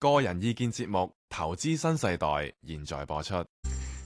個人意見節目《投資新世代》現在播出。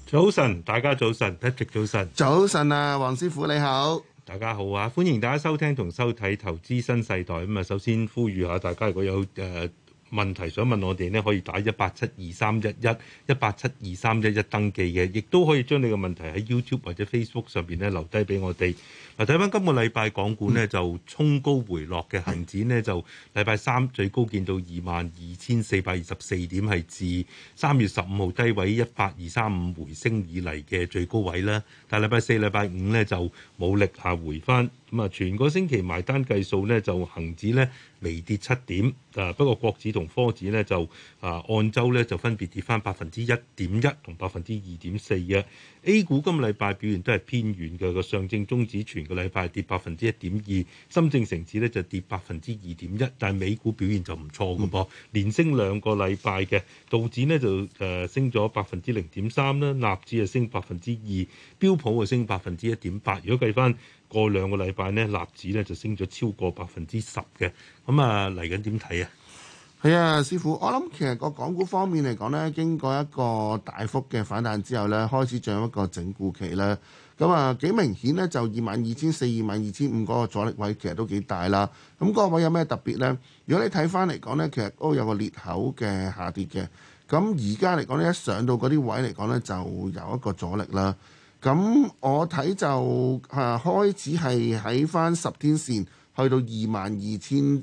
早晨，大家早晨，一直早晨，早晨啊，黃師傅你好，大家好啊，歡迎大家收聽同收睇《投資新世代》。咁啊，首先呼籲下大家，如果有誒。呃問題想問我哋咧，可以打一八七二三一一一八七二三一一登記嘅，亦都可以將你嘅問題喺 YouTube 或者 Facebook 上邊咧留低俾我哋。嗱，睇翻今個禮拜港股咧就衝高回落嘅恆指，咧就禮拜三最高見到二萬二千四百二十四點，係自三月十五號低位一八二三五回升以嚟嘅最高位啦。但係禮拜四、禮拜五呢，就冇力下回翻。咁啊、嗯，全個星期埋單計數咧，就恒指咧微跌七點，啊不過國指同科指咧就啊按週咧就分別跌翻百分之一點一同百分之二點四嘅 A 股今個禮拜表現都係偏軟嘅，個上證綜指全個禮拜跌百分之一點二，深證成指咧就跌百分之二點一，但係美股表現就唔錯嘅噃，嗯、連升兩個禮拜嘅道指呢，就誒、呃、升咗百分之零點三啦，納指啊升百分之二，標普啊升百分之一點八，如果計翻，過兩個禮拜呢，納指咧就升咗超過百分之十嘅，咁啊嚟緊點睇啊？係啊，師傅，我諗其實個港股方面嚟講呢，經過一個大幅嘅反彈之後呢，開始進入一個整固期啦。咁啊幾明顯呢，就二萬二千四、二萬二千五嗰個阻力位其實都幾大啦。咁、那、嗰個位有咩特別呢？如果你睇返嚟講呢，其實都有個裂口嘅下跌嘅。咁而家嚟講呢，一上到嗰啲位嚟講呢，就有一個阻力啦。咁我睇就誒、啊、開始係喺翻十天線，去到二萬二千誒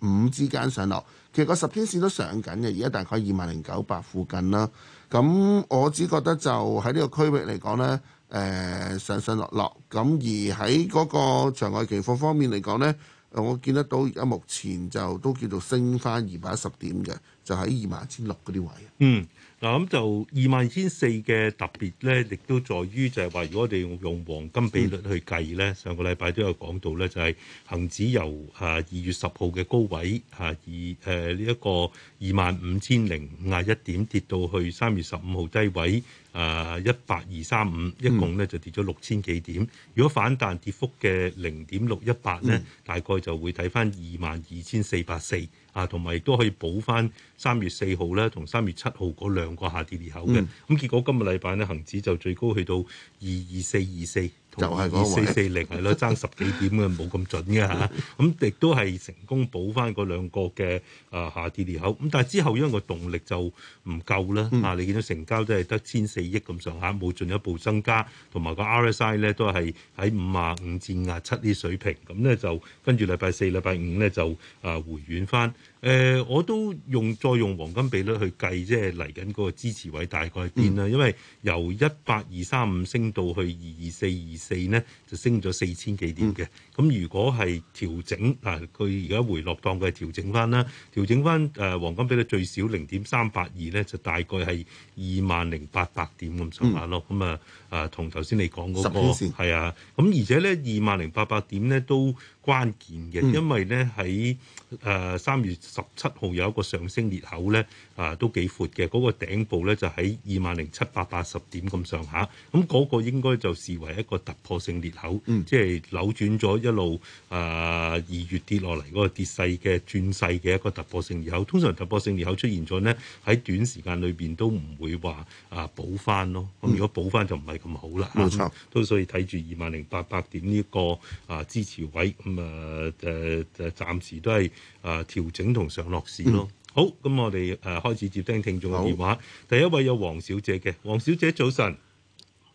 五之間上落。其實個十天線都上緊嘅，而家大概二萬零九百附近啦。咁我只覺得就喺呢個區域嚟講呢，誒、呃、上上落落。咁而喺嗰個場外期貨方面嚟講呢，我見得到而家目前就都叫做升翻二百一十點嘅，就喺二萬一千六嗰啲位。嗯。嗱咁就二萬二千四嘅特別咧，亦都在於就係話，如果我哋用黃金比率去計咧，嗯、上個禮拜都有講到咧，就係恒指由啊二月十號嘅高位啊二誒呢一個二萬五千零五十一點跌到去三月十五號低位啊一八二三五，呃、35, 一共咧就跌咗六千幾點。如果反彈跌幅嘅零點六一八咧，大概就會睇翻二萬二千四百四。啊，同埋亦都可以補翻三月四號咧，同三月七號嗰兩個下跌裂口嘅，咁、嗯、結果今個禮拜咧，恒指就最高去到二二四二四。就係二四四零係咯，爭十幾點嘅冇咁準嘅嚇，咁、啊、亦都係成功補翻嗰兩個嘅啊、呃、下跌裂口。咁但係之後因為個動力就唔夠啦嚇、嗯啊，你見到成交都係得千四億咁上下，冇進一步增加，同埋個 RSI 咧都係喺五啊五至五七啲水平，咁咧就跟住禮拜四、禮拜五咧就啊回軟翻。誒，嗯、我都用再用黃金比率去計，即係嚟緊嗰個支持位大概係邊啦？嗯、因為由一八二三五升到去二二四二四呢，就升咗四千幾點嘅。咁、嗯、如果係調整啊，佢而家回落當佢係調整翻啦，調整翻誒、呃、黃金比率最少零點三八二呢，就大概係二萬零八百點咁上下咯。咁啊啊，同頭先你講嗰個係啊。咁而且呢，二萬零八百點呢都關鍵嘅，因為咧喺誒三月十七號有一個上升裂口咧，啊都幾闊嘅，嗰個頂部咧就喺二萬零七百八十點咁上下，咁嗰個應該就視為一個突破性裂口，即係扭轉咗一路誒二月跌落嚟嗰個跌勢嘅轉勢嘅一個突破性裂口。通常突破性裂口出現咗呢，喺短時間裏邊都唔會話啊補翻咯。咁如果補翻就唔係咁好啦。冇錯，都所以睇住二萬零八百點呢個啊支持位。咁啊，誒，暫時都係啊，調整同上落市咯。好，咁我哋誒開始接聽聽眾嘅電話。第一位有黃小姐嘅，黃小姐早晨，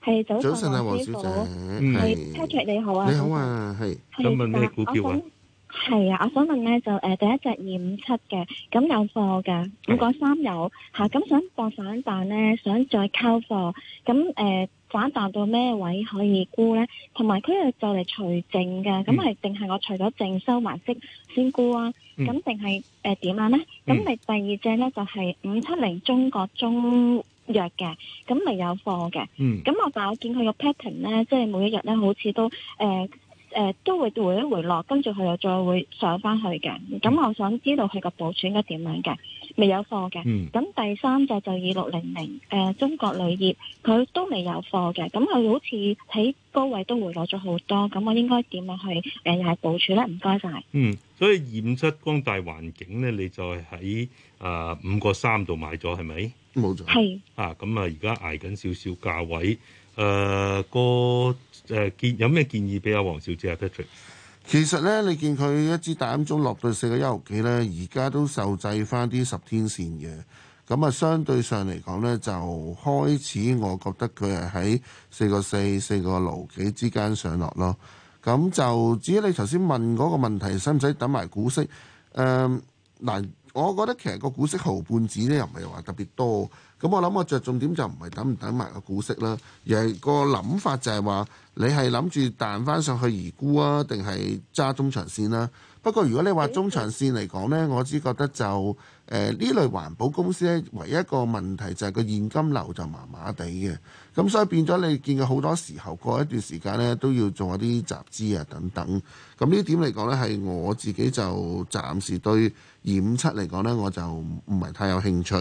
係早晨啊，黃小姐，嗯，佳卓你好啊，你好啊，係，想問咩股票啊？係啊，我想問咧就誒第一隻二五七嘅，咁有貨噶，五九三有吓，咁想博反彈咧，想再溝貨，咁誒。反彈到咩位可以沽呢？同埋佢係就嚟除淨嘅，咁係定係我除咗淨收埋息先沽啊？咁定係誒點樣啊？咧咁咪第二隻呢，就係五七零中國中藥嘅，咁咪有貨嘅。咁、嗯、我但係我見佢個 pattern 呢，即係每一日呢好似都誒誒、呃呃、都會回一回落，跟住佢又再會上翻去嘅。咁、嗯、我想知道佢個補倉應該點樣嘅？未有貨嘅，咁第三隻就二六零零，誒中國鋁業，佢都未有貨嘅，咁佢好似喺高位都回落咗好多，咁我應該點樣去誒、呃、又係部署咧？唔該晒。嗯，所以二五七光大環境咧，你就喺誒五個三度買咗，係咪？冇錯錯。係是。啊，咁啊，而家挨緊少少價位，誒、呃那個誒建有咩建議俾阿黃小姐啊？Patrick 其實咧，你見佢一支大陰鐘落到四個一毫幾咧，而家都受制翻啲十天線嘅，咁啊，相對上嚟講咧，就開始我覺得佢係喺四個四、四個六幾之間上落咯。咁就至於你頭先問嗰個問題，使唔使等埋股息？誒、呃，嗱。我覺得其實個股息毫半子咧又唔係話特別多，咁我諗我着重點就唔係等唔等埋個股息啦，而係個諗法就係話你係諗住彈翻上去而沽啊，定係揸中長線啦。不過如果你話中長線嚟講呢，我只覺得就。誒呢類環保公司咧，唯一一個問題就係個現金流就麻麻地嘅，咁所以變咗你見佢好多時候過一段時間咧，都要做一啲集資啊等等。咁呢點嚟講咧，係我自己就暫時對二五七嚟講咧，我就唔係太有興趣。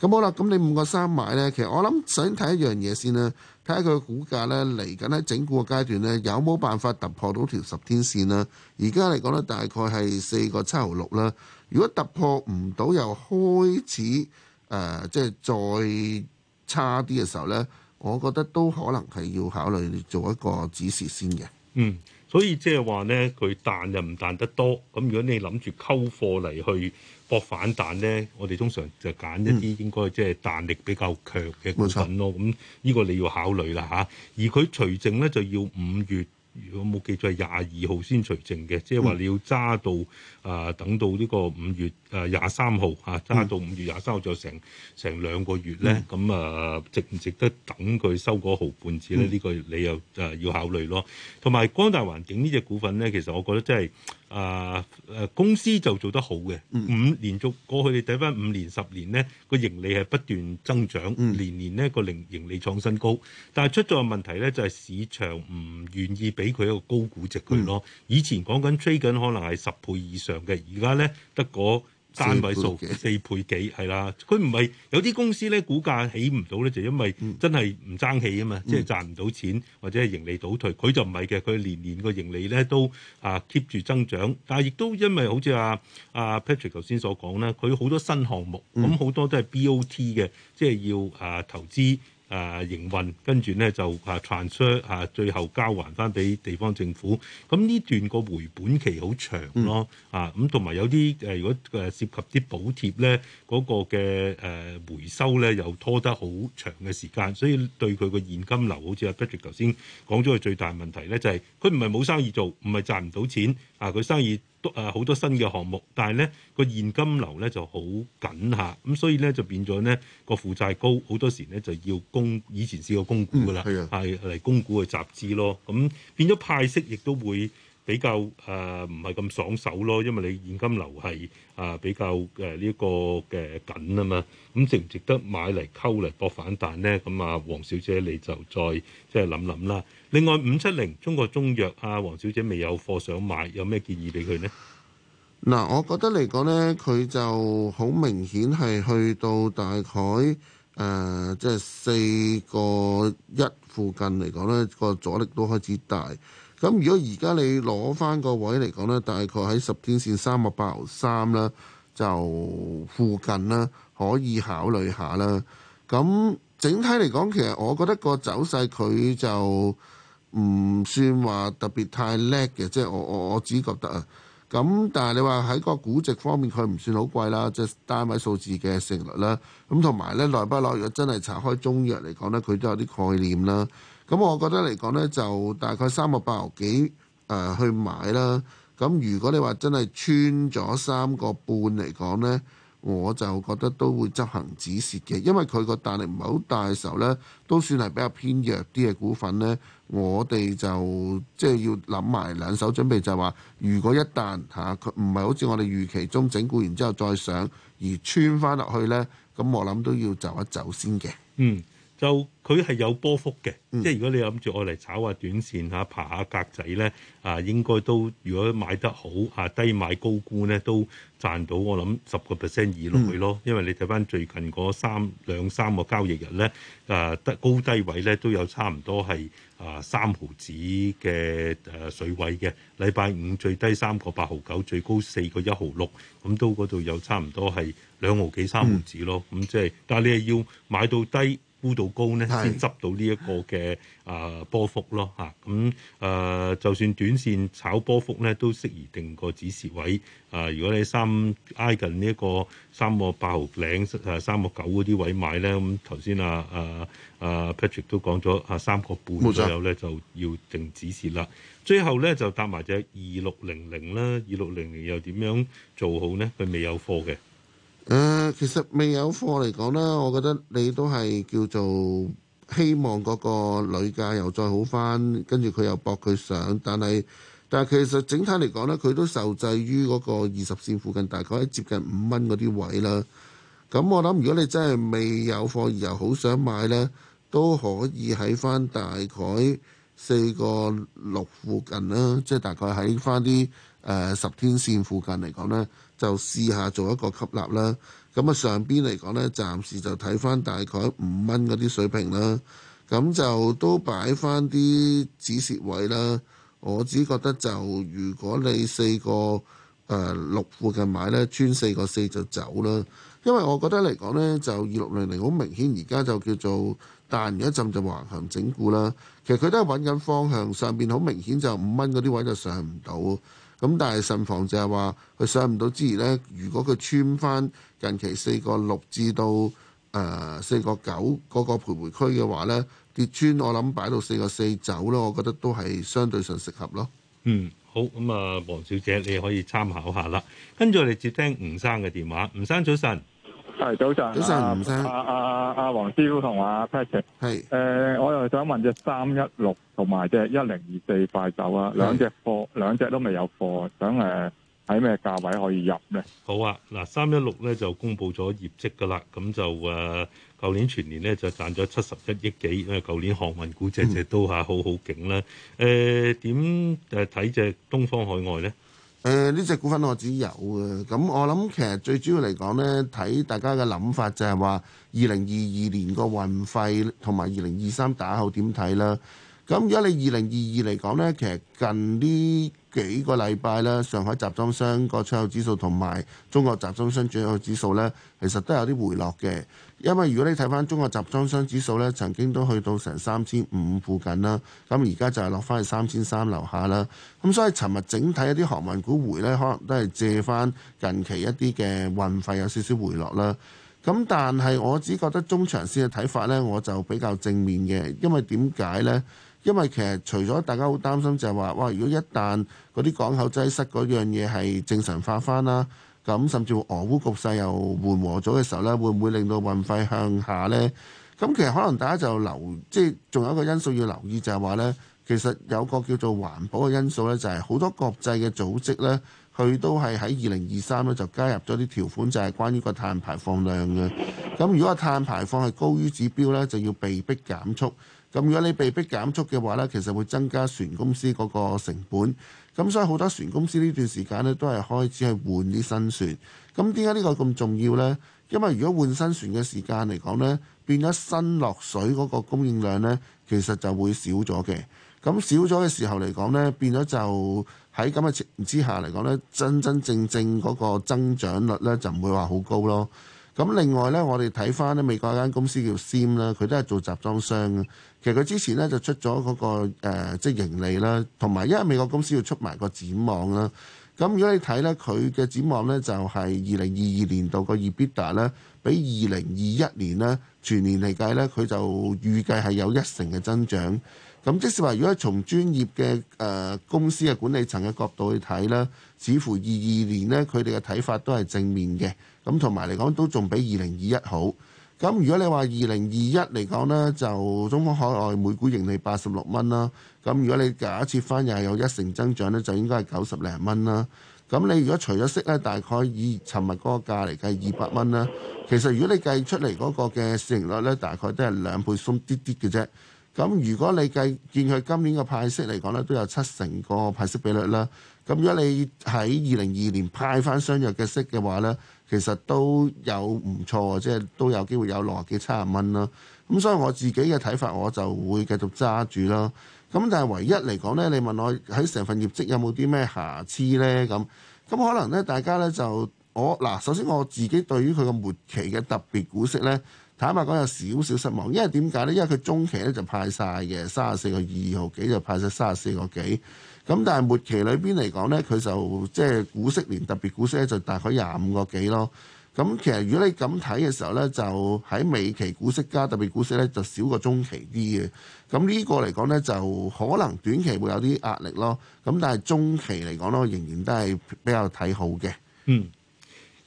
咁好啦，咁你五個三買咧，其實我諗想睇一樣嘢先啦，睇下佢股價咧嚟緊喺整固嘅階段咧，有冇辦法突破到條十天線啦？而家嚟講咧，大概係四個七毫六啦。如果突破唔到，又開始誒、呃，即係再差啲嘅時候咧，我覺得都可能係要考慮做一個指示先嘅。嗯，所以即係話咧，佢彈又唔彈得多。咁如果你諗住溝貨嚟去搏反彈咧，我哋通常就揀一啲應該即係彈力比較強嘅股份咯。咁、這、呢個你要考慮啦嚇、啊。而佢除淨咧，就要五月。如果冇記錯，廿二號先除淨嘅，即係話你要揸到啊、呃，等到呢個五月誒廿三號啊，揸到五月廿三號就成成兩個月咧，咁啊、嗯嗯、值唔值得等佢收嗰毫半子咧？呢、這個你又誒、呃、要考慮咯。同埋光大環境呢隻股份咧，其實我覺得真係。啊！誒、啊、公司就做得好嘅，嗯、五連續過去你睇翻五年十年咧，個盈利係不斷增長，嗯、年年呢個盈盈利創新高。但係出咗個問題咧，就係、是、市場唔願意俾佢一個高估值佢咯。嗯、以前講緊追緊可能係十倍以上嘅，而家咧得個單 位數四倍幾係啦，佢唔係有啲公司咧，股價起唔到咧，就因為真係唔爭氣啊嘛，即係、嗯、賺唔到錢或者係盈利倒退，佢就唔係嘅，佢年年個盈利咧都啊 keep 住增長，但係亦都因為好似阿阿 Patrick 頭先所講啦，佢好多新項目，咁好、嗯、多都係 BOT 嘅，即、就、係、是、要啊投資。誒、啊、營運，跟住咧就誒 transfer、啊、最後交還翻俾地方政府。咁、啊、呢段個回本期好長咯，啊咁同埋有啲誒、啊、如果誒涉及啲補貼咧，嗰、那個嘅誒、啊、回收咧又拖得好長嘅時間，所以對佢個現金流，好似阿 budget 頭先講咗個最大問題咧，就係佢唔係冇生意做，唔係賺唔到錢，啊佢生意。多好多新嘅項目，但係咧個現金流咧就好緊下，咁所以咧就變咗咧個負債高，好多時咧就要供，以前試過供股㗎啦，係嚟供股嘅集資咯。咁變咗派息亦都會比較誒唔係咁爽手咯，因為你現金流係啊比較誒呢、呃這個嘅緊啊嘛。咁值唔值得買嚟溝嚟搏反彈咧？咁啊，黃小姐你就再即係諗諗啦。另外五七零中國中藥啊，黃小姐未有貨想買，有咩建議俾佢呢？嗱，我覺得嚟講呢，佢就好明顯係去到大概誒，即係四個一附近嚟講呢個阻力都開始大。咁如果而家你攞翻個位嚟講呢，大概喺十天線三個八三啦，就附近啦，可以考慮下啦。咁整體嚟講，其實我覺得個走勢佢就唔算話特別太叻嘅，即係我我我自己覺得啊，咁但係你話喺個估值方面佢唔算好貴啦，即係單位數字嘅成率啦，咁同埋咧內不內，如果真係拆開中藥嚟講咧，佢都有啲概念啦，咁我覺得嚟講咧就大概三個八毫幾誒去買啦，咁如果你話真係穿咗三個半嚟講咧。我就覺得都會執行止蝕嘅，因為佢個彈力唔係好大嘅時候呢，都算係比較偏弱啲嘅股份呢，我哋就即係、就是、要諗埋兩手準備，就係、是、話如果一旦嚇佢唔係好似我哋預期中整固完之後再上而穿翻落去呢，咁我諗都要走一走先嘅。嗯。就佢係有波幅嘅，即係如果你諗住我嚟炒下短線嚇，爬下格仔咧，啊，應該都如果買得好嚇、啊，低買高沽咧，都賺到。我諗十個 percent 以內咯，嗯、因為你睇翻最近嗰三兩三個交易日咧，得、啊、高低位咧都有差唔多係啊三毫子嘅誒水位嘅。禮拜五最低三個八毫九，最高四個一毫六，咁都嗰度有差唔多係兩毫幾三毫子咯。咁即係，但係你係要買到低。高度高咧，先執到呢一個嘅啊波幅咯嚇，咁、呃、誒就算短線炒波幅咧，都適宜定個止蝕位。啊、呃，如果你三挨近 3. 3. 呢一個三個八毫零誒三個九嗰啲位買咧，咁頭先啊啊啊 Patrick 都講咗啊三個半左右咧就要定止蝕啦。冇錯。最後咧就搭埋隻二六零零啦，二六零零又點樣做好咧？佢未有貨嘅。誒、呃，其實未有貨嚟講咧，我覺得你都係叫做希望嗰個鋁價又再好翻，跟住佢又搏佢上，但係但係其實整體嚟講呢，佢都受制於嗰個二十綫附近，大概喺接近五蚊嗰啲位啦。咁我諗，如果你真係未有貨，而又好想買呢，都可以喺翻大概四個六附近啦，即、就、係、是、大概喺翻啲十天綫附近嚟講咧。就試下做一個吸納啦，咁啊上邊嚟講呢，暫時就睇翻大概五蚊嗰啲水平啦，咁就都擺翻啲止蝕位啦。我只覺得就如果你四個六附近買呢，穿四個四就走啦。因為我覺得嚟講呢，就二六零零好明顯，而家就叫做彈完一陣就橫行整固啦。其實佢都係揾緊方向，上邊好明顯就五蚊嗰啲位就上唔到，咁但係慎防就係話佢上唔到之餘呢，如果佢穿翻近期四個六至到誒四個九嗰個徘徊區嘅話呢，跌穿我諗擺到四個四走咯，我覺得都係相對上適合咯。嗯，好，咁啊，黃小姐你可以參考下啦。跟住我哋接聽吳生嘅電話，吳生早晨。係，早晨，早晨，阿阿阿阿黃師傅同阿 Patrick，係，誒，我又想問隻三一六同埋隻一零二四快走貨啊，兩隻貨，兩隻都未有貨，想誒，喺咩價位可以入呢？好啊，嗱，三一六咧就公布咗業績噶啦，咁就誒，舊、啊、年全年咧就賺咗七十一億幾，因為舊年航運股隻隻都係好好勁啦，誒、嗯，點誒睇隻東方海外咧？誒呢、呃、隻股份我自己有嘅，咁我諗其實最主要嚟講呢，睇大家嘅諗法就係話，二零二二年個運費同埋二零二三打後點睇啦。咁如果你二零二二嚟講呢，其實近呢幾個禮拜啦，上海集裝箱個出口指數同埋中國集裝箱出口指數呢，其實都有啲回落嘅。因為如果你睇翻中國集裝箱指數咧，曾經都去到成三千五附近啦，咁而家就係落翻去三千三樓下啦。咁所以尋日整體一啲航運股回咧，可能都係借翻近期一啲嘅運費有少少回落啦。咁但係我只覺得中長線嘅睇法咧，我就比較正面嘅，因為點解咧？因為其實除咗大家好擔心就係話，哇！如果一旦嗰啲港口擠塞嗰樣嘢係正常化翻啦。咁甚至俄烏局勢又緩和咗嘅時候呢，會唔會令到運費向下呢？咁其實可能大家就留，即係仲有一個因素要留意就係話呢，其實有個叫做環保嘅因素呢，就係好多國際嘅組織呢，佢都係喺二零二三呢就加入咗啲條款，就係關於個碳排放量嘅。咁如果個碳排放係高於指標呢，就要被逼減速。咁如果你被逼減速嘅話呢，其實會增加船公司嗰個成本。咁所以好多船公司呢段時間咧都係開始去換啲新船。咁點解呢個咁重要呢？因為如果換新船嘅時間嚟講呢，變咗新落水嗰個供應量呢，其實就會少咗嘅。咁少咗嘅時候嚟講呢，變咗就喺咁嘅情形之下嚟講呢，真真正正嗰個增長率呢，就唔會話好高咯。咁另外咧，我哋睇翻咧美國間公司叫 Sym 啦，佢都係做集裝箱嘅。其實佢之前咧就出咗嗰、那個、呃、即係盈利啦，同埋因為美國公司要出埋個展望啦。咁如果你睇咧佢嘅展望咧，就係二零二二年度個 EBITDA 咧，比二零二一年咧全年嚟計咧，佢就預計係有一成嘅增長。咁即使話如果從專業嘅誒、呃、公司嘅管理層嘅角度去睇咧，似乎二二年咧佢哋嘅睇法都係正面嘅。咁同埋嚟講都仲比二零二一好。咁如果你話二零二一嚟講呢，就中國海外每股盈利八十六蚊啦。咁如果你假設返又係有一成增長呢，就應該係九十零蚊啦。咁你如果除咗息呢，大概以尋日嗰個價嚟計二百蚊啦。其實如果你計出嚟嗰個嘅市盈率呢，大概都係兩倍鬆啲啲嘅啫。咁如果你計見佢今年嘅派息嚟講呢，都有七成個派息比率啦。咁如果你喺二零二年派翻相若嘅息嘅話呢，其實都有唔錯，即係都有機會有六十幾七十蚊啦。咁、嗯、所以我自己嘅睇法，我就會繼續揸住啦。咁、嗯、但係唯一嚟講呢，你問我喺成份業績有冇啲咩瑕疵呢？咁咁、嗯、可能呢，大家呢就我嗱，首先我自己對於佢嘅末期嘅特別股息呢，坦白講有少少失望，因為點解呢？因為佢中期呢就派晒嘅，三十四個二毫幾就派晒三十四個幾。咁但係末期裏邊嚟講咧，佢就即係股息連特別股息咧就大概廿五個幾咯。咁其實如果你咁睇嘅時候咧，就喺尾期股息加特別股息咧就少過中期啲嘅。咁呢個嚟講咧就可能短期會有啲壓力咯。咁但係中期嚟講咧，仍然都係比較睇好嘅。嗯。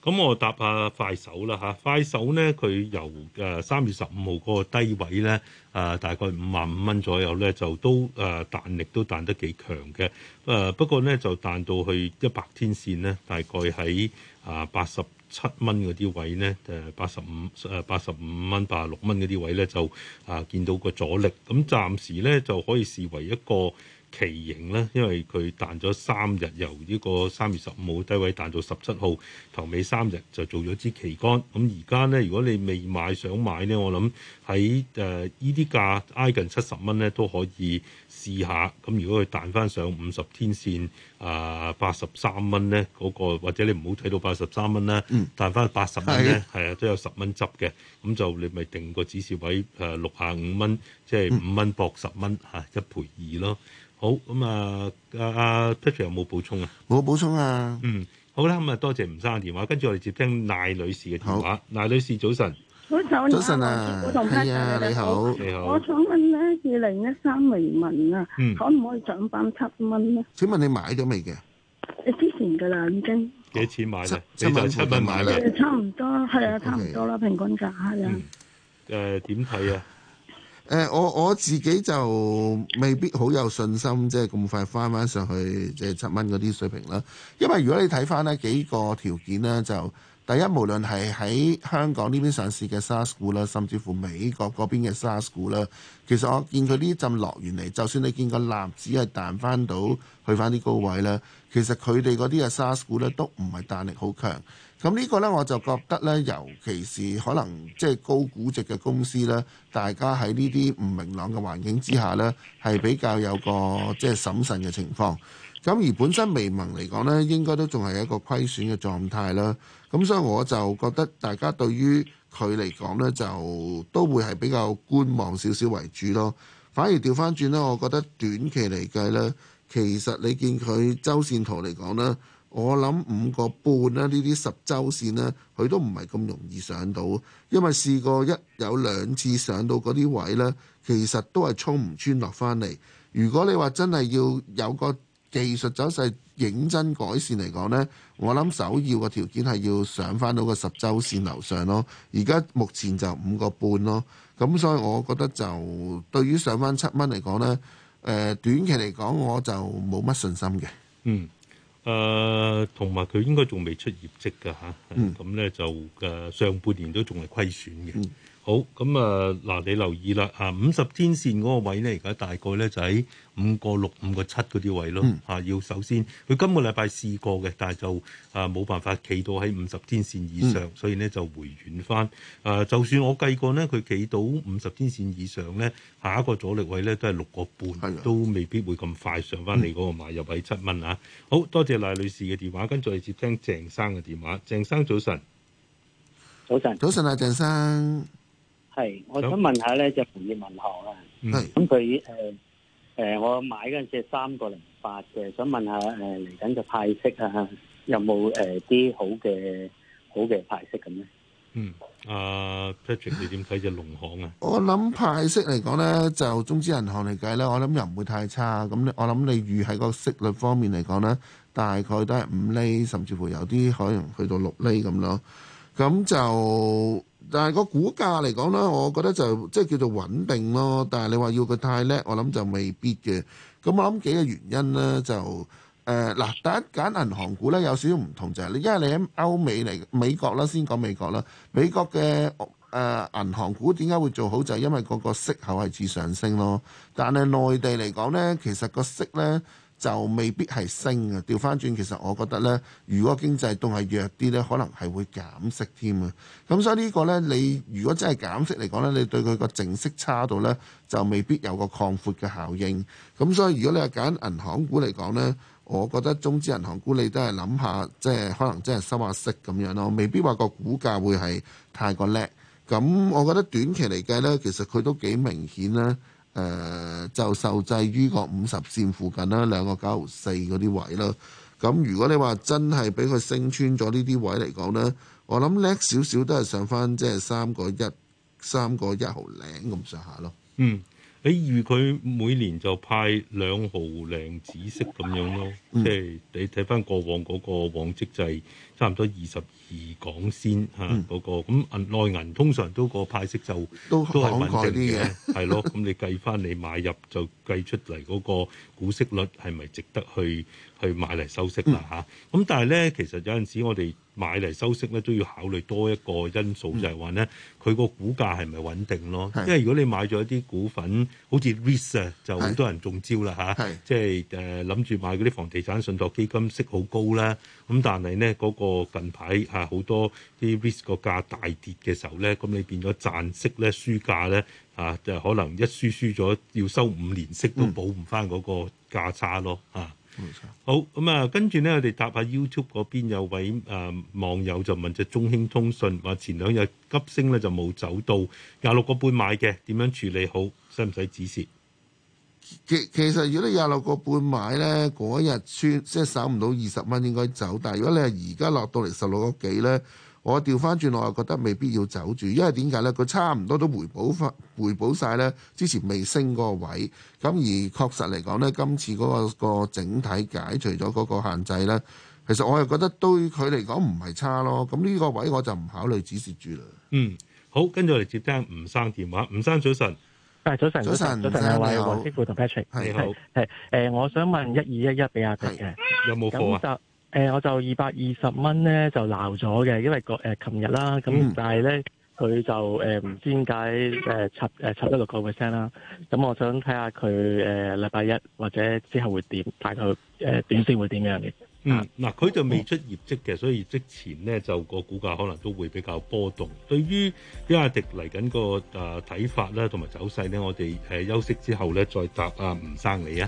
咁我答下快手啦，嚇、啊，快手咧佢由誒三月十五號嗰個低位咧，誒、啊、大概五萬五蚊左右咧，就都誒、啊、彈力都彈得幾強嘅。誒不過咧就彈到去一百天線咧，大概喺啊八十七蚊嗰啲位咧，誒八十五誒八十五蚊、八十六蚊嗰啲位咧就啊見到個阻力。咁暫時咧就可以視為一個。奇形咧，因為佢彈咗三日，由呢個三月十五號低位彈到十七號頭尾三日就做咗支旗杆。咁而家咧，如果你未買想買咧，我諗喺誒呢啲價挨近七十蚊咧都可以試下。咁如果佢彈翻上五十天線啊八十三蚊咧，嗰、呃嗰個或者你唔好睇到八十三蚊啦，嗯、彈翻八十蚊咧，係啊的都有十蚊執嘅。咁就你咪定個指示位誒六十五蚊，即係五蚊博十蚊嚇一賠二咯。好咁啊！阿阿 Patrick 有冇補充啊？冇補充啊！嗯，好啦，咁啊多謝吳生嘅電話，跟住我哋接聽賴女士嘅電話。賴女士早晨，早晨，早晨啊！你好，你好。我想問咧，二零一三維文啊，可唔可以漲翻七蚊咧？請問你買咗未嘅？誒，之前噶啦，已經幾錢買嘅？七蚊七蚊買啦，差唔多，係啊，差唔多啦，平均價係啦。誒，點睇啊？誒、欸，我我自己就未必好有信心，即係咁快翻翻上去即係七蚊嗰啲水平啦。因為如果你睇翻呢幾個條件呢，就第一無論係喺香港呢邊上市嘅 SARS 股啦，甚至乎美國嗰邊嘅 SARS 股啦，其實我見佢呢陣落完嚟，就算你見個藍籌係彈翻到去翻啲高位啦，其實佢哋嗰啲嘅 SARS 股呢，都唔係彈力好強。咁呢個呢，我就覺得呢，尤其是可能即係高估值嘅公司呢，大家喺呢啲唔明朗嘅環境之下呢，係比較有個即係審慎嘅情況。咁而本身微盟嚟講呢，應該都仲係一個虧損嘅狀態啦。咁所以我就覺得大家對於佢嚟講呢，就都會係比較觀望少少為主咯。反而調翻轉呢，我覺得短期嚟計呢，其實你見佢周線圖嚟講呢，我諗五個半咧，呢啲十周線呢，佢都唔係咁容易上到，因為試過一有兩次上到嗰啲位呢，其實都係衝唔穿落返嚟。如果你話真係要有個技術走勢認真改善嚟講呢，我諗首要嘅條件係要上翻到個十周線樓上咯。而家目前就五個半咯，咁所以我覺得就對於上翻七蚊嚟講呢，誒，短期嚟講我就冇乜信心嘅。嗯。誒同埋佢應該仲未出業績㗎嚇，咁咧就誒上半年都仲係虧損嘅。嗯好咁啊！嗱，你留意啦，啊五十天線嗰個位呢，而家大概呢，就喺五個六、五個七嗰啲位咯。嗯、啊，要首先，佢今個禮拜試過嘅，但係就啊冇辦法企到喺五十天線以上，嗯、所以呢，就回軟翻。啊，就算我計過呢，佢企到五十天線以上呢，下一個阻力位呢，都係六個半，都未必會咁快上翻嚟嗰個買入位七蚊啊！好多謝賴女士嘅電話，跟住接聽鄭生嘅電話。鄭生早晨，早晨早晨啊，鄭生。係，我想問下咧，就同 So, 業銀行啊，咁佢誒誒，我買嗰陣時三個零八嘅，想問下誒嚟緊嘅派息啊，有冇誒啲好嘅好嘅派息咁咧？嗯，阿、uh, Patrick，你點睇隻農行啊？我諗派息嚟講咧，就中資銀行嚟計咧，我諗又唔會太差。咁我諗你預喺個息率方面嚟講咧，大概都係五厘，甚至乎有啲可能去到六厘咁咯。咁就。但係個股價嚟講咧，我覺得就即係、就是、叫做穩定咯。但係你話要佢太叻，我諗就未必嘅。咁我諗幾個原因咧，就誒嗱、呃，第一揀銀行股咧，有少少唔同，就係、是、你，因為你喺歐美嚟美國啦，先講美國啦。美國嘅誒銀行股點解會做好，就係、是、因為嗰個息口係至上升咯。但係內地嚟講咧，其實個息咧。就未必係升嘅，調翻轉其實我覺得呢，如果經濟都係弱啲呢，可能係會減息添啊。咁所以呢個呢，你如果真係減息嚟講呢，你對佢個淨息差度呢，就未必有個擴闊嘅效應。咁所以如果你係揀銀行股嚟講呢，我覺得中資銀行股你都係諗下，即係可能真係收下息咁樣咯，未必話個股價會係太過叻。咁我覺得短期嚟計呢，其實佢都幾明顯啦。誒、呃、就受制於個五十線附近啦，兩個九毫四嗰啲位啦。咁如果你話真係俾佢升穿咗呢啲位嚟講呢，我諗叻少少都係上翻，即係三個一三個一毫零咁上下咯。嗯，比如佢每年就派兩毫零紫色咁樣咯，即係、嗯、你睇翻過往嗰個往績就係差唔多二十二港仙吓嗰個咁銀內銀通常都個派息就都穩定啲嘅，係咯。咁你計翻你買入就計出嚟嗰個股息率係咪值得去去買嚟收息啦吓，咁、嗯啊、但係咧，其實有陣時我哋買嚟收息咧都要考慮多一個因素，嗯、就係話咧佢個股價係咪穩定咯？的因為如果你買咗一啲股份，好似 REITs 啊，就好多人中招啦吓，即係誒諗住買嗰啲房地產信託基金息好高啦，咁但係咧嗰個個近排嚇好多啲 risk 個價大跌嘅時候咧，咁你變咗賺息咧輸價咧嚇、啊，就可能一輸輸咗要收五年息都補唔翻嗰個價差咯嚇。冇錯、嗯，啊、好咁啊，跟住咧我哋搭下 YouTube 嗰邊有位誒、啊、網友就問就中興通訊話前兩日急升咧就冇走到廿六個半買嘅點樣處理好，使唔使指示？其其實，如果你廿六個半買呢，嗰日穿即係守唔到二十蚊應該走。但係如果你係而家落到嚟十六個幾呢，我調翻轉我又覺得未必要走住，因為點解呢？佢差唔多都回補翻、回補晒呢之前未升嗰個位，咁而確實嚟講呢，今次嗰、嗰個嗰個整體解除咗嗰個限制呢，其實我又覺得對佢嚟講唔係差咯。咁呢個位我就唔考慮止蝕住啦。嗯，好，跟住我嚟接聽吳生電話。吳生早晨。係早,早晨，早晨王，早晨，阿偉黃師傅同 Patrick，你好，係誒、呃，我想問一二一一比亞迪嘅，有冇貨啊？咁誒、嗯，我、嗯、就二百二十蚊咧就撈咗嘅，因為個誒琴日啦，咁但係咧佢就誒唔知點解誒插誒插咗六個 percent 啦，咁我想睇下佢誒禮拜一或者之後會點，大概誒、呃、短線會點樣嘅？嗯，嗱、啊，佢就未出業績嘅，所以業績前咧就個股價可能都會比較波動。對於比亞迪嚟緊個誒睇法啦，同埋走勢咧，我哋誒休息之後咧再答啊吳生你啊。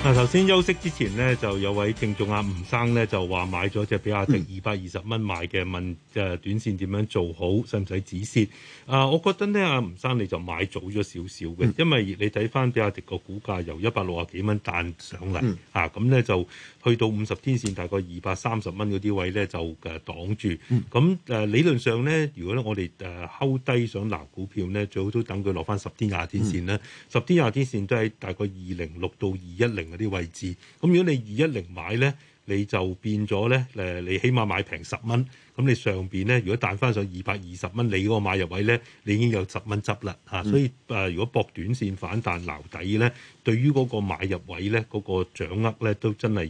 嗱，頭先休息之前呢，就有位聽眾阿吳生呢，就話買咗隻比亞迪二百二十蚊買嘅，問誒短線點樣做好，使唔使止蝕？啊，我覺得呢，阿吳生你就買早咗少少嘅，因為你睇翻比亞迪個股價由一百六十幾蚊彈上嚟吓，咁呢就去到五十天線大概二百三十蚊嗰啲位呢，就誒擋住，咁誒理論上呢，如果咧我哋誒睺低想拿股票呢，最好都等佢落翻十天廿天線啦，十天廿天線都係大概二零六到二一零。嗰啲位置，咁，嗯，如果你二一零買咧，你就變咗咧，誒，你起碼買平十蚊。咁你上邊咧？如果彈翻上二百二十蚊，你嗰個買入位咧，你已經有十蚊執啦嚇。所以誒，如果搏短線反彈撈底咧，對於嗰個買入位咧，嗰個掌握咧，都真係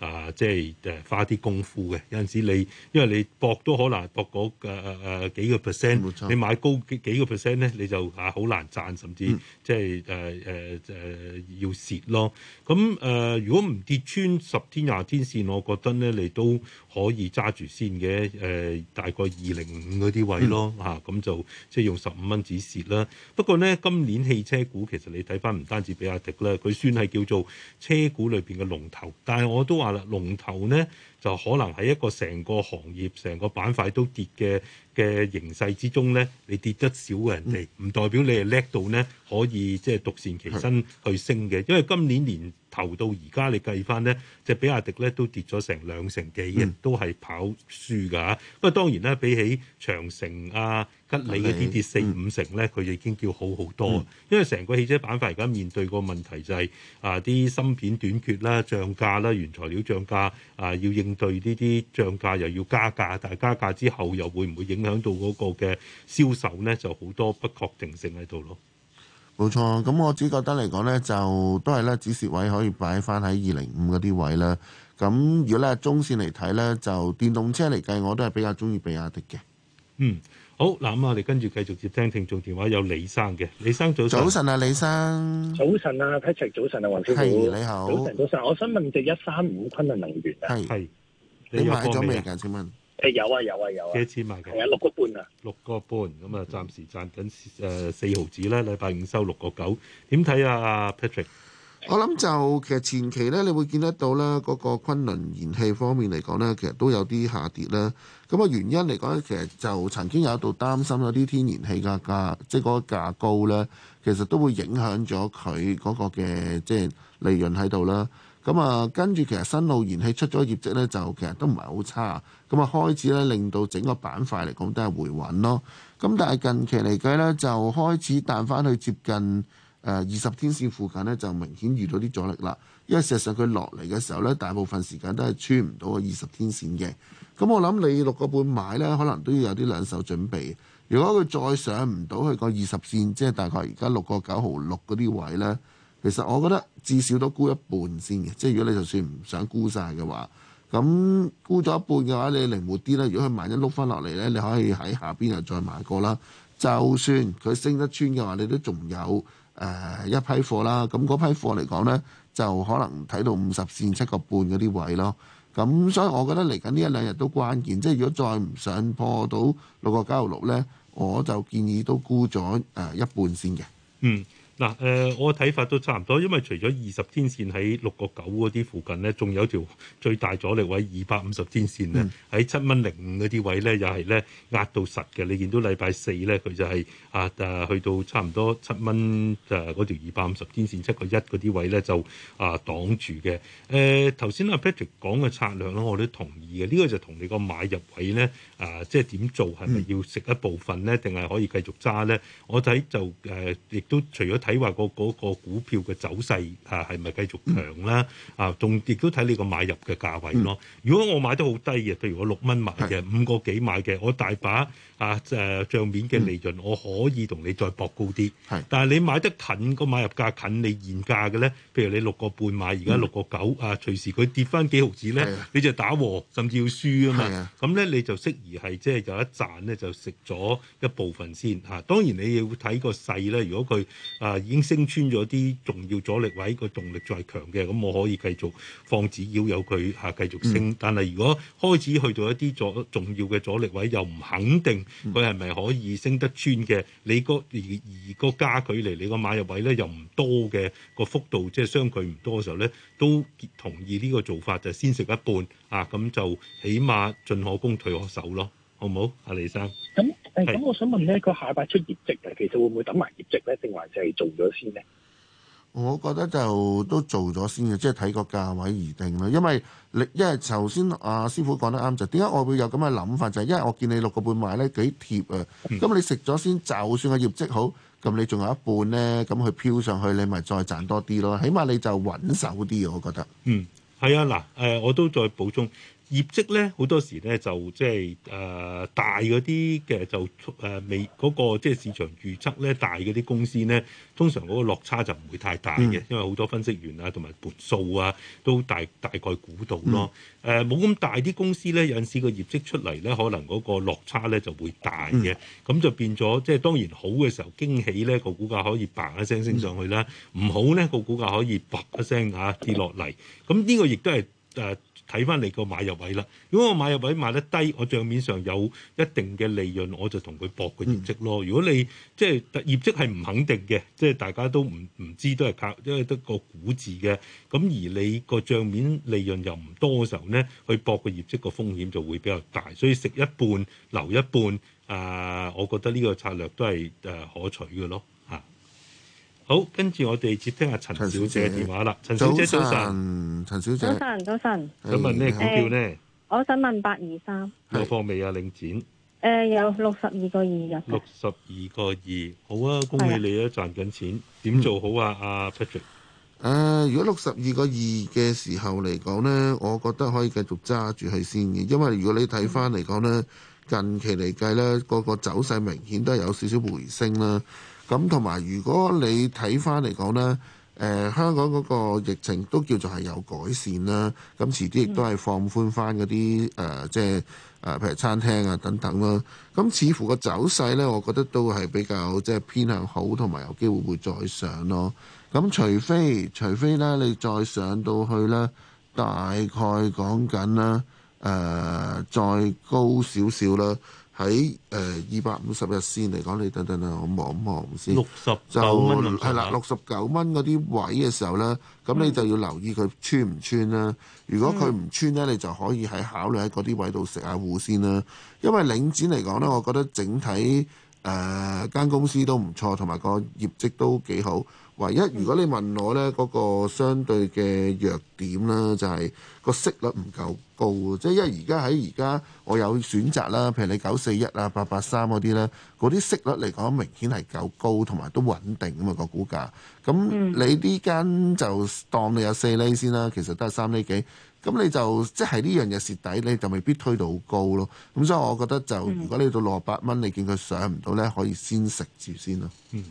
要誒，即係誒花啲功夫嘅。有陣時你因為你搏都可能搏個誒誒幾個 percent，冇錯，你買高幾幾個 percent 咧，你就啊好難賺，甚至即係誒誒誒要蝕咯。咁誒，如果唔跌穿十天廿天線，我覺得咧，你都可以揸住先嘅。誒、呃、大概二零五嗰啲位咯嚇，咁、嗯啊、就即係用十五蚊止蝕啦。不過呢，今年汽車股其實你睇返唔單止比亞迪啦，佢算係叫做車股裏邊嘅龍頭。但係我都話啦，龍頭呢就可能喺一個成個行業、成個板塊都跌嘅嘅形勢之中呢，你跌得少嘅人哋，唔、嗯、代表你係叻到呢，可以即係獨善其身去升嘅。是因為今年年投到而家，你計翻呢，即比亞迪咧，都跌咗成兩成幾嘅，嗯、都係跑輸㗎。不過當然啦，比起長城啊、吉利嗰啲跌四五成呢，佢、嗯、已經叫好好多。嗯、因為成個汽車板塊而家面對個問題就係、是、啊啲芯片短缺啦、漲價啦、原材料漲價啊，要應對呢啲漲價又要加價，但係加價之後又會唔會影響到嗰個嘅銷售呢？就好多不確定性喺度咯。冇錯，咁我自己覺得嚟講咧，就都係咧，止蝕位可以擺翻喺二零五嗰啲位啦。咁如果咧中線嚟睇咧，就電動車嚟計，我都係比較中意比亞迪嘅。嗯，好嗱，咁我哋跟住繼續接聽聽眾電話，有李生嘅。李生早。早晨啊，李生。早晨啊，Patrick。早晨啊，黃小姐。係，你好。早晨早晨，我想問隻一三五崑崙能源啊。係。你買咗未㗎？請問。誒、欸，有啊，有啊，有啊，幾多錢買嘅？係啊，啊六個半啊。六個半咁啊，暫時賺緊誒四毫子啦。禮拜五收六個九，點睇啊？Patrick，我諗就其實前期咧，你會見得到咧，嗰、那個崑崙燃氣方面嚟講咧，其實都有啲下跌啦。咁啊，原因嚟講咧，其實就曾經有一度擔心有啲天然氣嘅價格，即係嗰個價高咧，其實都會影響咗佢嗰個嘅即係利潤喺度啦。咁啊、嗯，跟住其實新奧燃氣出咗業績呢，就其實都唔係好差，咁、嗯、啊開始咧令到整個板塊嚟講都係回穩咯。咁、嗯、但係近期嚟計呢，就開始彈翻去接近二十、呃、天線附近呢，就明顯遇到啲阻力啦。因為事實上佢落嚟嘅時候呢，大部分時間都係穿唔到個二十天線嘅。咁、嗯、我諗你六個半買呢，可能都要有啲兩手準備。如果佢再上唔到去個二十線，即係大概而家六個九毫六嗰啲位呢。其實我覺得至少都沽一半先嘅，即係如果你就算唔想沽晒嘅話，咁沽咗一半嘅話，你靈活啲啦。如果佢萬一碌翻落嚟咧，你可以喺下邊又再買過啦。就算佢升得穿嘅話，你都仲有誒、呃、一批貨啦。咁嗰批貨嚟講咧，就可能睇到五十線七個半嗰啲位咯。咁所以我覺得嚟緊呢一兩日都關鍵。即係如果再唔上破到六個九毫六咧，我就建議都沽咗誒一半先嘅。嗯。嗱誒、呃，我睇法都差唔多，因為除咗二十天線喺六個九嗰啲附近咧，仲有條最大阻力位二百五十天線咧，喺七蚊零五嗰啲位咧，又係咧壓到實嘅。你見到禮拜四咧，佢就係、是、啊啊去到差唔多七蚊誒嗰條二百五十天線七個一嗰啲位咧就啊擋住嘅。誒、啊、頭先阿、啊、Patrick 講嘅策略咧，我都同意嘅。呢、這個就同你個買入位咧啊，即係點做係咪要食一部分咧，定係可以繼續揸咧？我睇就誒亦、啊、都除咗睇。睇話個嗰個股票嘅走勢啊，係咪繼續強咧？啊、嗯，仲亦都睇你個買入嘅價位咯。嗯、如果我買得好低嘅，譬如我六蚊買嘅，五的個幾買嘅，我大把。啊，誒帳面嘅利潤、嗯、我可以同你再搏高啲，係是。但係你買得近個買入價近你現價嘅咧，譬如你六個半買，而家、嗯、六個九，啊隨時佢跌翻幾毫子咧，啊、你就打和，甚至要輸啊嘛。係啊。咁咧你就適宜係即係有一賺咧就食咗一部分先嚇、啊。當然你要睇個勢咧，如果佢啊已經升穿咗啲重要阻力位，個動力再強嘅，咁我可以繼續放止要由佢嚇繼續升。嗯、但係如果開始去到一啲阻重要嘅阻力位又唔肯定。佢係咪可以升得穿嘅？你個而而個加距離，你個買入位咧又唔多嘅個幅度，即係相距唔多嘅時候咧，都同意呢個做法就是、先食一半啊，咁就起碼進可攻退可守咯，好唔好？阿李生，咁誒、嗯，咁我想問咧，個下發出業績嘅其實會唔會等埋業績咧，定還是係做咗先咧？我覺得就都做咗先嘅，即係睇個價位而定啦。因為你因為頭先阿師傅講得啱就點解我會有咁嘅諗法就係、是、因為我見你六個半買咧幾貼啊。咁、嗯、你食咗先，就算個業績好，咁你仲有一半咧，咁佢飄上去，你咪再賺多啲咯。起碼你就穩手啲，我覺得。嗯，係啊，嗱，誒，我都再補充。業績咧好多時咧就，呃就呃那個，即係誒大嗰啲嘅就誒未嗰個即係市場預測咧，大嗰啲公司咧通常嗰個落差就唔會太大嘅，因為好多分析員啊同埋盤數啊都大大概估到咯。誒冇咁大啲公司咧，有陣時個業績出嚟咧，可能嗰個落差咧就會大嘅，咁就變咗即係當然好嘅時候驚喜咧，個股價可以嘭一聲升上去啦，唔、嗯、好咧，個股價可以啪一聲嚇跌落嚟。咁呢個亦都係誒。呃呃呃睇翻你個買入位啦。如果我買入位買得低，我帳面上有一定嘅利潤，我就同佢搏個業績咯。如果你即係業績係唔肯定嘅，即係大家都唔唔知，都係靠因為得個估字嘅咁。而你個帳面利潤又唔多嘅時候咧，去搏個業績個風險就會比較大，所以食一半留一半。啊、呃，我覺得呢個策略都係誒、呃、可取嘅咯嚇。好，跟住我哋接聽下陳小姐嘅電話啦。陳小姐，早晨上，陳小姐，早晨，早晨。想問咩股票呢，呃？我想問八二三有貨未啊？領展誒、呃，有六十二個二入嘅。六十二個二，好啊！恭喜你啊，賺緊錢。點的做好啊？阿 Patrick 誒，如果六十二個二嘅時候嚟講呢，我覺得可以繼續揸住佢先嘅，因為如果你睇翻嚟講呢，近期嚟計呢，個個走勢明顯都係有少少回升啦。咁同埋，如果你睇翻嚟講咧，誒、呃、香港嗰個疫情都叫做係有改善啦，咁遲啲亦都係放寬翻嗰啲誒，即係誒、呃，譬如餐廳啊等等咯。咁似乎個走勢呢，我覺得都係比較即係偏向好，同埋有機會會再上咯。咁除非除非呢，你再上到去咧，大概講緊啦，誒、呃，再高少少啦。喺誒二百五十日線嚟講，你等等等我望一望先看看。六十九蚊就係啦，六十九蚊嗰啲位嘅時候呢，咁、嗯、你就要留意佢穿唔穿啦、啊。如果佢唔穿呢，你就可以喺考慮喺嗰啲位度食下糊先啦、啊。因為領展嚟講呢，我覺得整體誒間、呃、公司都唔錯，同埋個業績都幾好。唯一如果你問我呢，嗰個相對嘅弱點咧，就係個息率唔夠高，即係因為而家喺而家我有選擇啦，譬如你九四一啊、八八三嗰啲咧，嗰啲息率嚟講明顯係夠高同埋都穩定啊嘛，個股價。咁你呢間就當你有四厘先啦，其實都係三厘幾。咁你就即係呢樣嘢蝕底，你就未必推到好高咯。咁所以我覺得就如果你到六十八蚊，你見佢上唔到呢，可以先食住先咯。嗯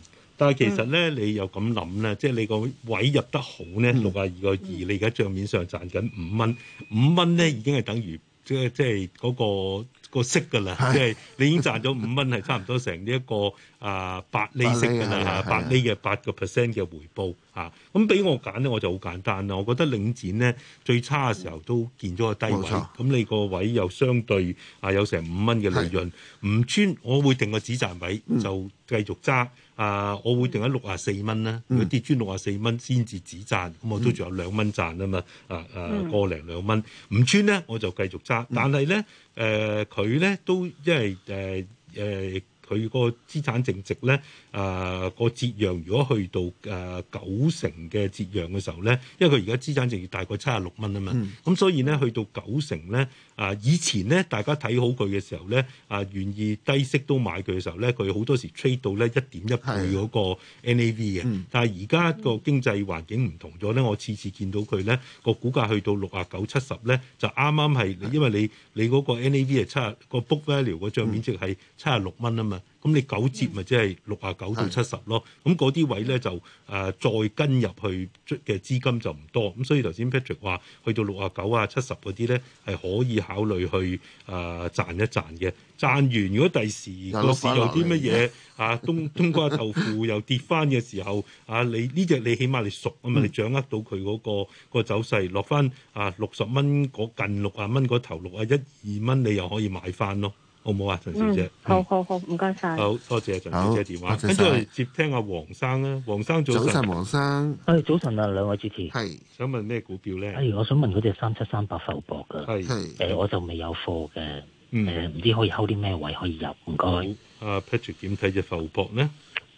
但係其實咧，你又咁諗咧，即係你個位入得好咧，六啊二個二，你而家帳面上賺緊五蚊，五蚊咧已經係等於即係即係嗰個個息噶啦，即係的你已經賺咗五蚊，係差唔多成呢一個啊八釐息噶啦，八釐嘅八個 percent 嘅回報嚇。咁俾我揀咧，我就好簡單咯。我覺得領展咧最差嘅時候都見咗個低位，咁錯你個位又相對啊有成五蚊嘅利潤，唔的的穿我會定個止賺位就繼續揸。啊！我會定喺六啊四蚊啦，嗯、如果跌穿六啊四蚊先至止賺，咁、嗯、我都仲有兩蚊賺啊嘛！啊啊，個零、嗯、兩蚊唔穿咧，我就繼續揸。但係咧，誒佢咧都因為誒誒。呃呃佢個資產淨值咧，誒、呃嗰個折讓如果去到誒、呃、九成嘅折讓嘅時候咧，因為佢而家資產淨值大概七十六蚊啊嘛，咁、嗯、所以咧去到九成咧，誒、啊、以前咧大家睇好佢嘅時候咧，誒、啊、願意低息都買佢嘅時候咧，佢好多時 trade 到咧一點一倍嗰個 NAV 嘅，的但係而家個經濟環境唔同咗咧，我次次見到佢咧、嗰個股價去到六十九七十咧，就啱啱係因為你你嗰個 NAV 係七十個 book value 個帳面值係七十六蚊啊嘛。咁你九折咪即係六啊九到七十咯，咁嗰啲位咧就誒、呃、再跟入去嘅資金就唔多，咁所以頭先 Patrick 話，去到六啊九啊七十嗰啲咧係可以考慮去誒、呃、賺一賺嘅，賺完如果第時個市有啲乜嘢啊冬冬瓜豆腐又跌翻嘅時候啊，你呢隻你起碼你熟啊嘛，嗯、你掌握到佢嗰、嗰個、嗰個走勢，落翻啊六十蚊嗰近六啊蚊嗰頭六啊一二蚊，61, 你又可以買翻咯。好唔好啊，陳小姐？好好、嗯、好，唔該晒。謝謝好多謝陳小姐電話。跟住接，接聽阿黃生啊，黃生早。早晨，黃生。誒、哎，早晨啊，兩位主持。係是想問咩股票咧？誒、哎，我想問嗰隻三七三八浮博噶。係係誒，我就未有貨嘅。誒、呃，唔知可以 hold 啲咩位可以入？唔該。阿、嗯啊、Patrick 點睇隻浮博咧？誒、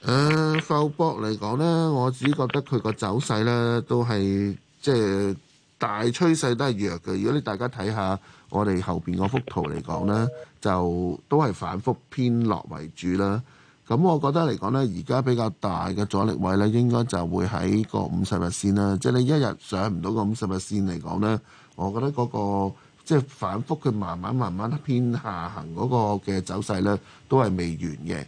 呃，浮博嚟講咧，我只覺得佢個走勢咧都係即係大趨勢都係弱嘅。如果你大家睇下我哋後邊嗰幅圖嚟講咧。 就都係反覆偏落為主啦。咁我覺得嚟講呢，而家比較大嘅阻力位呢，應該就會喺個五十日線啦。即係你一日上唔到個五十日線嚟講呢，我覺得嗰、那個即係、就是、反覆佢慢慢慢慢偏下行嗰個嘅走勢呢，都係未完嘅。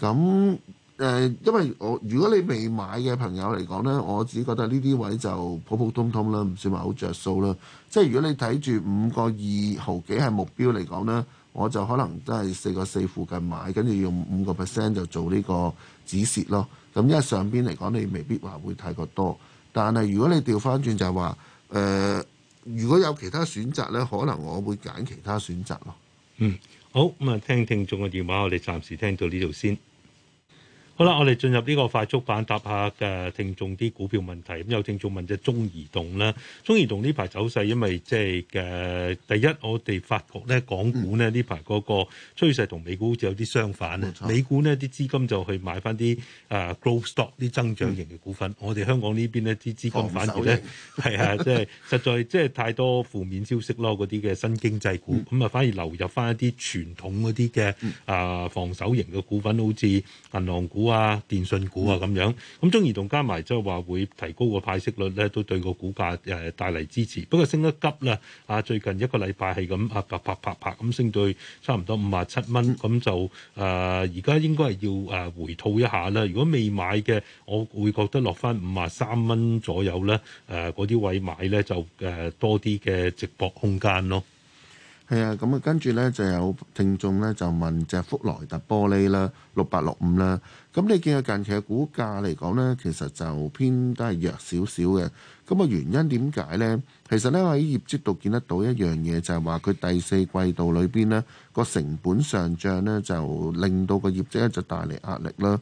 咁誒、呃，因為我如果你未買嘅朋友嚟講呢，我自己覺得呢啲位就普普通通啦，唔算話好着數啦。即係如果你睇住五個二毫幾係目標嚟講呢。我就可能都係四個四附近買，跟住用五個 percent 就做呢個止蝕咯。咁因為上邊嚟講，你未必話會太過多。但係如果你調翻轉就係話，誒、呃、如果有其他選擇呢，可能我會揀其他選擇咯。嗯，好咁啊，聽聽眾嘅電話，我哋暫時聽到呢度先。好啦，我哋進入呢個快速版，答下嘅聽眾啲股票問題。咁有聽眾問就中移動啦，中移動呢排走勢，因為即係嘅第一，我哋發覺咧，港股咧呢排嗰個趨勢同美股好似有啲相反。嗯、美股呢啲資金就去買翻啲啊 growth stock 啲增長型嘅股份，嗯、我哋香港呢邊呢啲資金反而咧係守 啊，即係實在即係太多負面消息咯，嗰啲嘅新經濟股咁啊，嗯嗯、反而流入翻一啲傳統嗰啲嘅啊防守型嘅股份，好似銀行股。啊電訊股啊，電信股啊，咁樣咁中移動加埋，即係話會提高個派息率咧，都對個股價誒帶嚟支持。不過升得急啦，啊最近一個禮拜係咁啊，啪啪啪啪咁升到差唔多五啊七蚊，咁就誒而家應該係要誒、呃、回吐一下啦。如果未買嘅，我會覺得落翻五啊三蚊左右咧，誒嗰啲位買咧就誒、呃、多啲嘅直播空間咯。係啊，咁啊，跟住咧就有聽眾咧就問隻福萊特玻璃啦，六八六五啦。咁你見佢近期嘅股價嚟講咧，其實就偏都係弱少少嘅。咁啊，原因點解咧？其實咧，我喺業績度見得到一樣嘢，就係話佢第四季度裏邊咧，個成本上漲咧，就令到個業績咧就帶嚟壓力啦。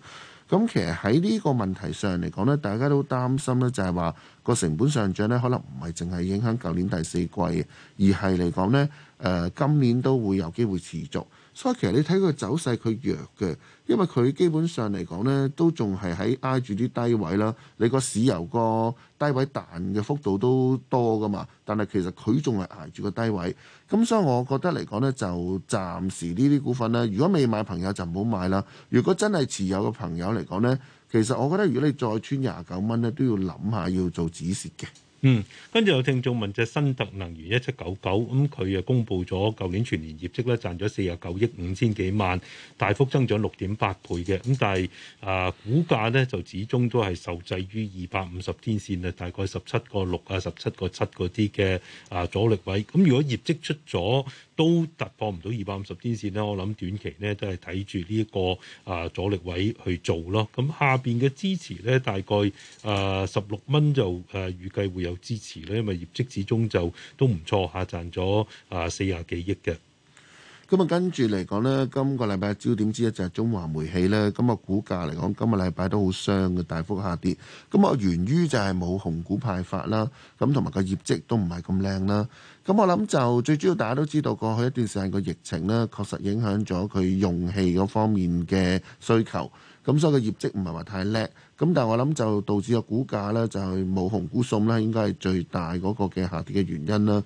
咁其實喺呢個問題上嚟講咧，大家都擔心咧，就係話個成本上漲咧，可能唔係淨係影響舊年第四季，而係嚟講咧。誒、呃、今年都會有機會持續，所以其實你睇佢走勢，佢弱嘅，因為佢基本上嚟講呢都仲係喺挨住啲低位啦。你個市由個低位彈嘅幅度都多㗎嘛，但係其實佢仲係挨住個低位，咁所以我覺得嚟講呢，就暫時呢啲股份呢，如果未買朋友就唔好買啦。如果真係持有嘅朋友嚟講呢，其實我覺得如果你再穿廿九蚊呢，都要諗下要做止蝕嘅。嗯，跟住有聽眾問隻新特能源一七九九，咁佢又公布咗舊年全年業績咧賺咗四十九億五千幾萬，大幅增長六點八倍嘅，咁但係啊股價咧就始終都係受制於二百五十天線啊，大概十七個六啊十七個七嗰啲嘅啊阻力位，咁如果業績出咗，都突破唔到二百五十天線啦。我諗短期咧都係睇住呢一個啊、呃、阻力位去做咯。咁下邊嘅支持咧大概啊十六蚊就誒預計會有支持咧，因為業績始終就都唔錯下，賺咗啊四廿幾億嘅。咁啊，跟住嚟講咧，今個禮拜嘅焦點之一就係中華煤氣咧。今日股價嚟講，今日禮拜都好傷嘅，大幅下跌。咁啊，源於就係冇紅股派發啦，咁同埋個業績都唔係咁靚啦。咁我諗就最主要，大家都知道過去一段時間個疫情咧，確實影響咗佢用氣嗰方面嘅需求，咁所以個業績唔係話太叻。咁但係我諗就導致個股價咧就係冇紅股送啦，應該係最大嗰個嘅下跌嘅原因啦。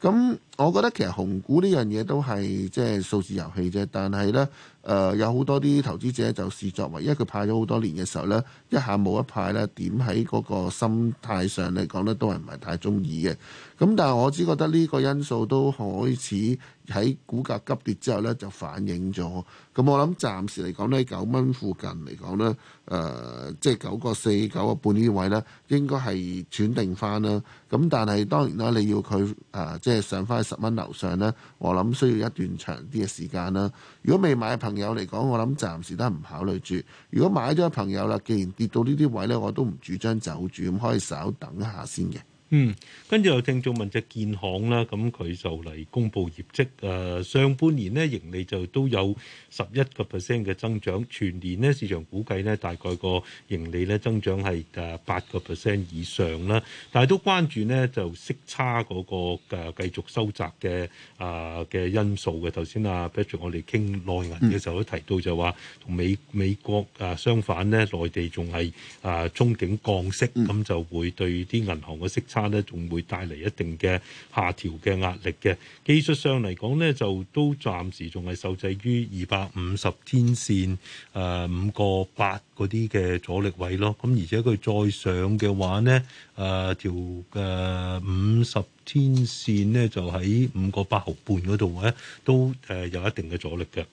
咁，我覺得其實紅股呢樣嘢都係即係數字遊戲啫，但係咧。誒、呃、有好多啲投資者就視作為，因為佢派咗好多年嘅時候呢，一下冇一派呢，點喺嗰個心態上嚟講呢，都係唔係太中意嘅。咁但係我只覺得呢個因素都開始喺股價急跌之後呢，就反映咗。咁、嗯、我諗暫時嚟講呢，九蚊附近嚟講呢，誒即係九個四、九個半呢位呢，應該係轉定翻啦。咁、嗯、但係當然啦，你要佢誒即係上翻十蚊樓上呢，我諗需要一段長啲嘅時間啦。如果未買嘅朋友有嚟講，我諗暫時都係唔考慮住。如果買咗嘅朋友啦，既然跌到呢啲位咧，我都唔主張走住，咁可以稍等一下先嘅。嗯，跟住有聽眾問，隻建行啦，咁佢就嚟公布業績。誒、呃、上半年咧盈利就都有十一個 percent 嘅增長，全年咧市場估計咧大概個盈利咧增長係誒八個 percent 以上啦，但係都關注咧就息差嗰、那個誒、啊、繼續收窄嘅啊嘅因素嘅。頭先啊 Patrick 我哋傾內銀嘅時候都提到就話同、嗯、美美國誒、啊、相反咧，內地仲係啊憧憬降息，咁就會對啲銀行嘅息差。咧仲會帶嚟一定嘅下調嘅壓力嘅，技術上嚟講咧就都暫時仲係受制於二百五十天線誒五個八嗰啲嘅阻力位咯。咁而且佢再上嘅話咧誒、呃、條嘅五十天線咧就喺五個八毫半嗰度咧都誒有一定嘅阻力嘅。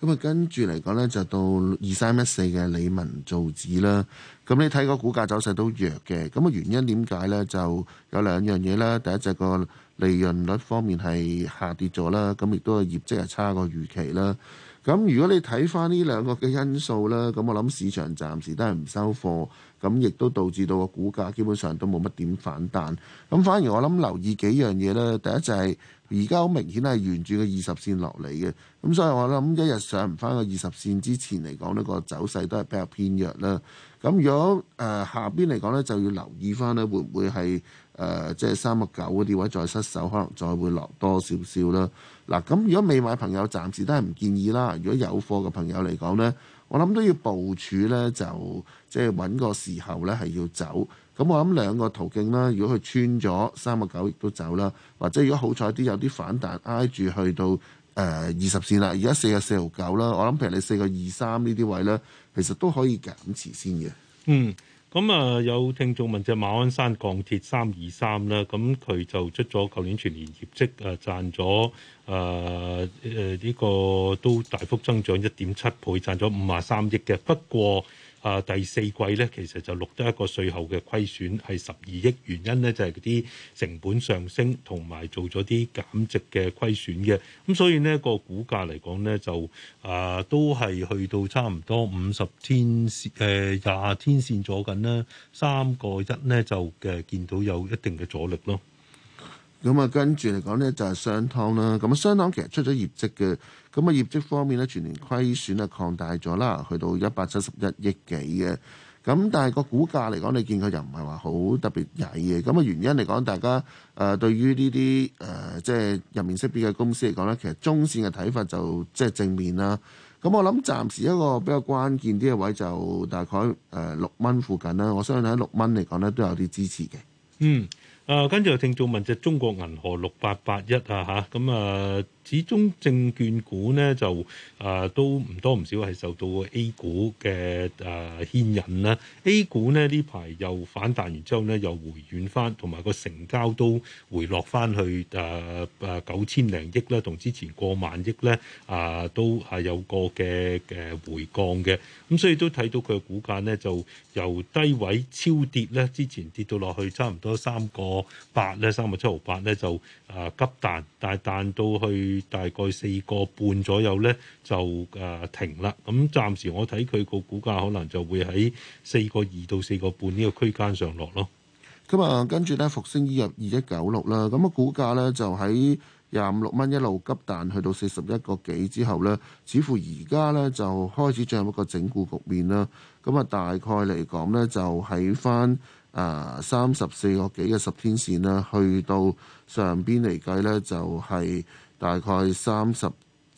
咁啊，跟住嚟講呢就到二三一四嘅理文造紙啦。咁你睇個股價走勢都弱嘅。咁啊，原因點解呢？就有兩樣嘢啦。第一隻個利潤率方面係下跌咗啦。咁亦都業績係差過預期啦。咁如果你睇翻呢兩個嘅因素啦，咁我諗市場暫時都係唔收貨。咁亦都導致到個股價基本上都冇乜點反彈。咁反而我諗留意幾樣嘢啦。第一就係。而家好明顯係沿住個二十線落嚟嘅，咁所以我諗一日上唔翻個二十線之前嚟講，呢個走勢都係比較偏弱啦。咁如果誒、呃、下邊嚟講呢，就要留意翻咧，會唔會係誒即係三百九嗰啲位再失守，可能再會落多少少啦。嗱，咁如果未買朋友暫時都係唔建議啦。如果有貨嘅朋友嚟講呢，我諗都要部署呢，就即係揾個時候呢，係要走。咁我諗兩個途徑啦，如果佢穿咗三個九，亦都走啦；或者如果好彩啲，有啲反彈挨住去到誒二十線啦，而家四個四毫九啦，我諗譬如你四個二三呢啲位咧，其實都可以減持先嘅、嗯。嗯，咁、嗯、啊有聽眾問就馬鞍山鋼鐵三二三啦，咁佢就出咗舊年全年業績啊賺咗誒誒呢個都大幅增長一點七倍，賺咗五十三億嘅。不過啊第四季咧，其實就錄得一個稅後嘅虧損係十二億，原因咧就係嗰啲成本上升同埋做咗啲減值嘅虧損嘅，咁所以呢、這個股價嚟講咧就啊都係去到差唔多五十天、呃、天線誒廿天線咗緊啦，三個一咧就嘅見到有一定嘅阻力咯。咁啊，跟住嚟講呢，就係商湯啦。咁商湯其實出咗業績嘅，咁啊業績方面呢，全年虧損啊擴大咗啦，去到一百七十一億幾嘅。咁但係個股價嚟講，你見佢又唔係話好特別曳嘅。咁啊原因嚟講，大家誒對於呢啲誒即係人面識別嘅公司嚟講呢，其實中線嘅睇法就即係正面啦。咁我諗暫時一個比較關鍵啲嘅位就大概誒六蚊附近啦。我相信喺六蚊嚟講呢，都有啲支持嘅。嗯。誒，跟住、啊、聽眾問隻中國銀河六八八一啊，嚇，咁啊。始終證券股咧就啊、呃、都唔多唔少係受到 A 股嘅誒牽引啦。A 股咧呢排又反彈完之後咧又回軟翻，同埋個成交都回落翻去誒誒、呃、九千零億啦，同之前過萬億咧啊都係有個嘅誒回降嘅。咁、嗯、所以都睇到佢嘅股價咧就由低位超跌咧，之前跌到落去差唔多三個八咧，三個七毫八咧就啊急彈，但係彈到去。大概四個半左右呢，就誒停啦。咁暫時我睇佢個股價可能就會喺四個二到四個半呢個區間上落咯。咁啊，跟住呢，復星醫藥二一九六啦，咁啊，股價呢，就喺廿五六蚊一路急彈去到四十一個幾之後呢，似乎而家呢，就開始進入一個整固局面啦。咁啊，大概嚟講呢，就喺翻誒三十四個幾嘅十天線啦，去到上邊嚟計呢，就係、是。大概三十誒、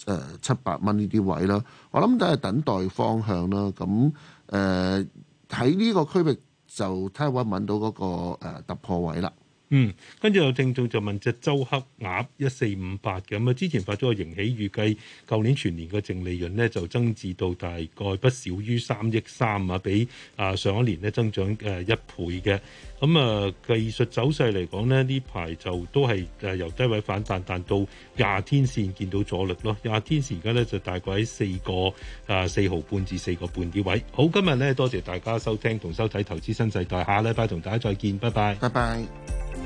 呃、七百蚊呢啲位啦，我諗都係等待方向啦。咁誒喺呢個區域就睇下揾唔揾到嗰、嗰個、呃、突破位啦。嗯，跟住有聽眾就問隻周黑鴨一四五八嘅咁啊，之前發咗個盈喜，預計舊年全年嘅淨利潤咧就增至到大概不少於三億三啊，比啊上一年咧增長誒一倍嘅。咁、嗯、啊技術走勢嚟講呢，呢排就都係誒由低位反彈、彈、彈到廿天線見到阻力咯。廿天線而家咧就大概喺四個啊四毫半至四個半嘅位。好，今日咧多謝大家收聽同收睇《投資新世代》，下禮拜同大家再見，拜拜，拜拜。